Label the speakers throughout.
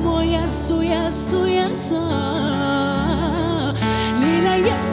Speaker 1: Yesu, Yesu, Yesu. Lila,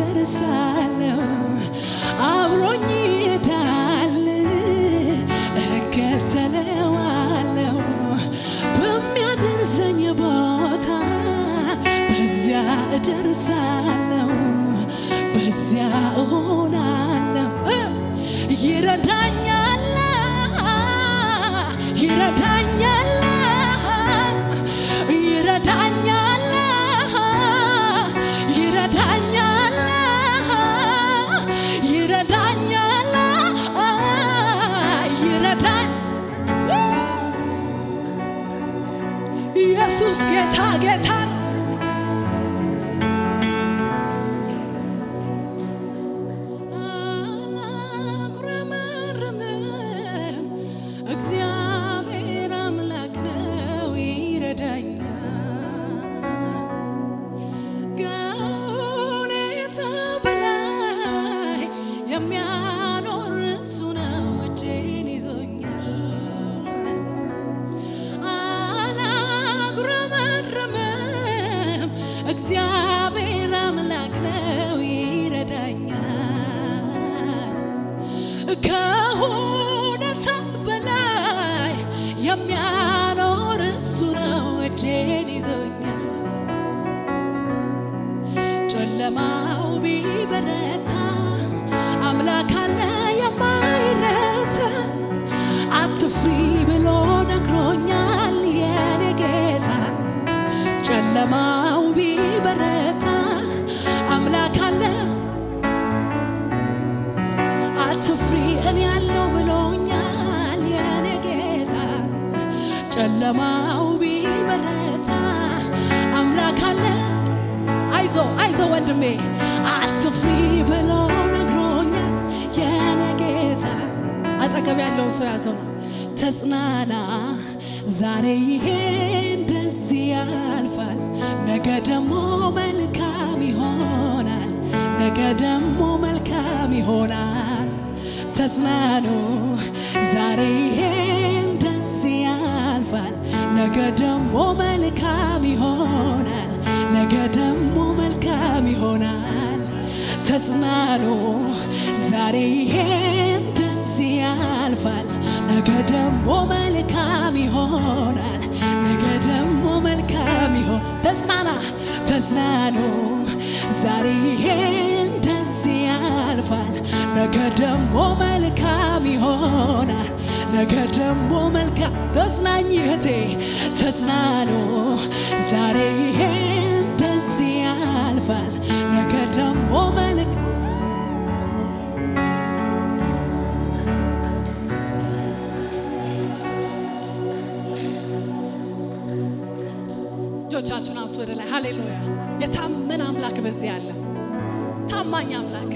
Speaker 1: እደርሳለሁ አብሮኝ ይሄዳል እከተለዋለሁ በሚያደርሰኝ ቦታ በዚያ እደርሳለሁ በዚያ እሆናለሁ ይረዳኛል ይረዳኛል ጌታ ጌታ አላጉረመርምም እግዚአብሔር አምላክ ነው ይረዳኝ አምላክ አለ የማይረታ አትፍሪ ብሎ ነግሮኛል የኔ ጌታ። ጨለማው ቢበረታ አምላክ አለ አትፍሪ እኔ ያለው ብሎኛል የኔ ጌታ። ጨለማው ቢበረታ አምላክ አለ አይዞ አይዞ ወንድሜ አትፍሪ ብሎ አጠገብ ያለውን ሰው ያዘው ነው። ተጽናና ዛሬ ይሄ እንደዚህ ያልፋል፣ ነገ ደግሞ መልካም ይሆናል፣ ነገ ደግሞ መልካም ይሆናል። ተጽናኑ ዛሬ ይሄ እንደዚህ ያልፋል፣ ነገ ደግሞ መልካም ይሆናል፣ ነገ ደግሞ መልካም ይሆናል። ተጽናኑ ዛሬ ይሄ በዚህ ያልፋል። ነገ ደግሞ መልካም ይሆናል። ነገ ደግሞ መልካም ይሆን። ተጽናና ተጽናኑ። ዛሬ ይሄ እንደዚህ ያልፋል። ነገ ደግሞ መልካም ይሆናል። ነገ ደግሞ መልካም ተጽናኝ እህቴ ተጽናኑ። ዛሬ ይሄ እንደዚህ ያልፋል። ነገ ደግሞ መልካም እጆቻችሁን አንሱ ወደ ላይ። ሃሌሉያ! የታመን አምላክ በዚህ አለ። ታማኝ አምላክ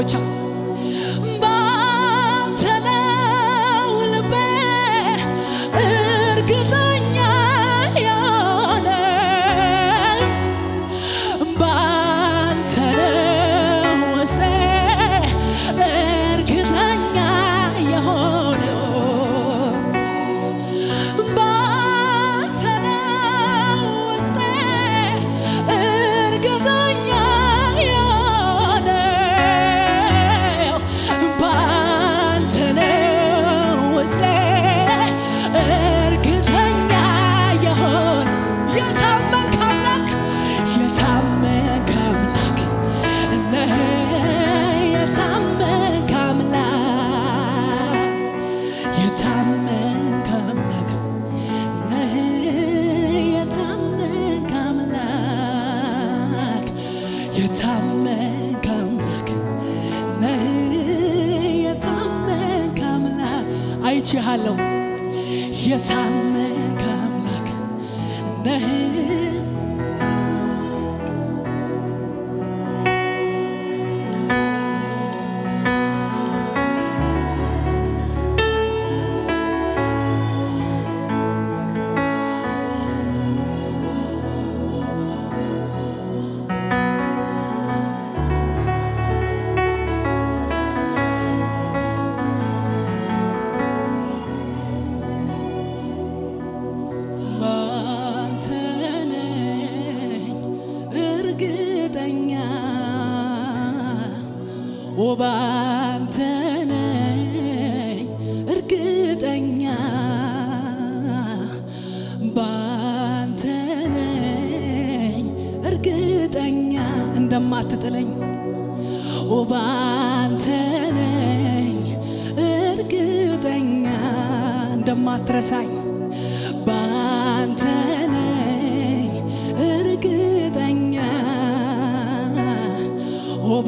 Speaker 1: eu te የታመንክ አምላክ ነህ፣ የታመንክ አምላክ አይቼሃለሁ። የታመንክ አምላክ አምላክ ነህ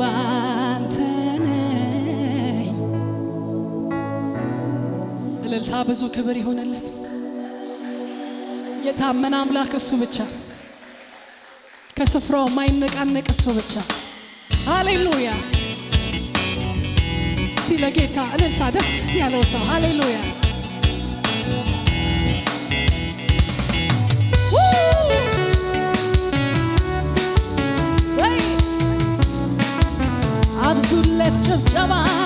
Speaker 1: ባንተ ነኝ። እልልታ ብዙ ክብር ይሆንለት። የታመነ አምላክ እሱ ብቻ፣ ከስፍራው የማይነቃነቅ እሱ ብቻ። ሃሌሉያ ለጌታ እልልታ ደስ ያለው ሰው ሃሌሉያ Come on.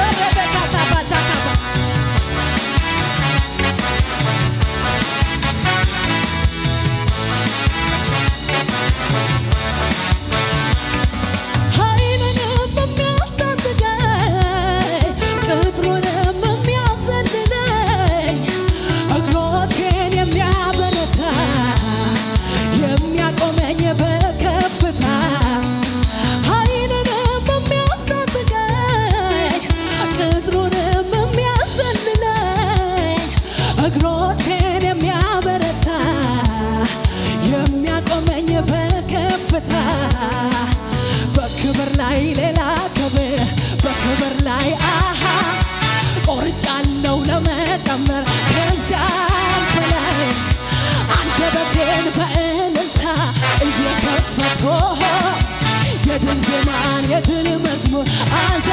Speaker 1: Hey, hey. ከፍታ በክብር ላይ ሌላ ክብር በክብር ላይ አሃ ቆርጫለው ለመጨመር ከዚያ በላይ አንደበቴን በእልልታ እየከፈትኩ የድል ዜማን የድል መዝሙር አዜ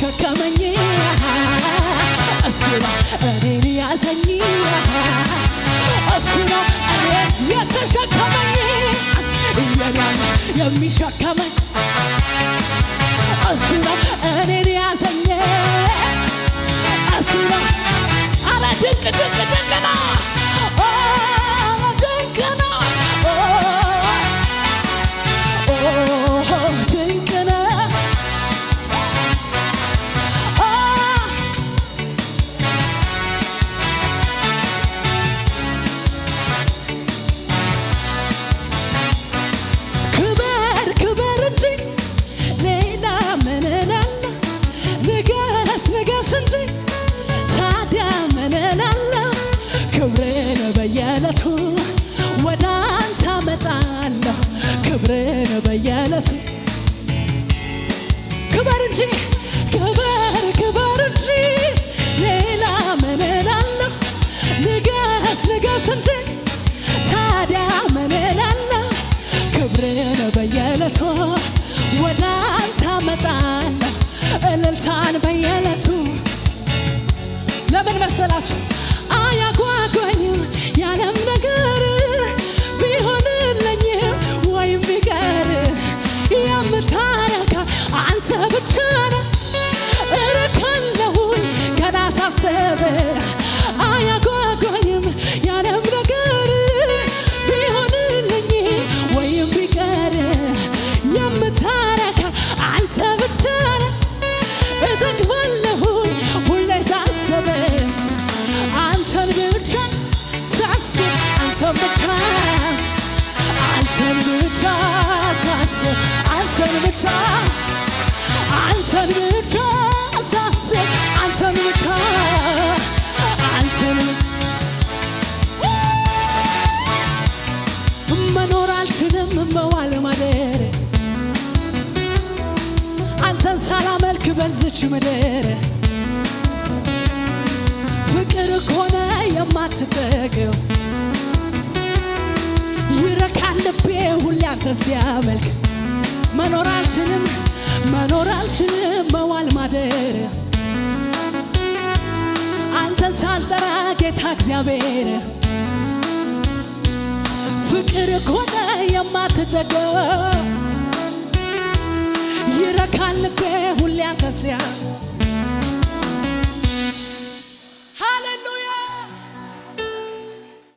Speaker 1: ሸከመኝ እሱ ነው እኔን ያዘኝ እሱ የተሸከመኝ እየዳን የሚሸከመኝ እሱ እኔን ያዘኝ እሱ አረ ድንቅ ድንቅ ድንቅ ነው ምድር ፍቅር ኮነ የማትጠገው ይረካል ልቤ ሁሌ አንተ ሲያመልክ መኖር አልችልም መኖር አልችልም መዋል ማደር አንተ ሳልጠራ ጌታ እግዚአብሔር ፍቅር ኮነ የማትጠገው ይረካል ልቤ ሁሌ አንተዚያ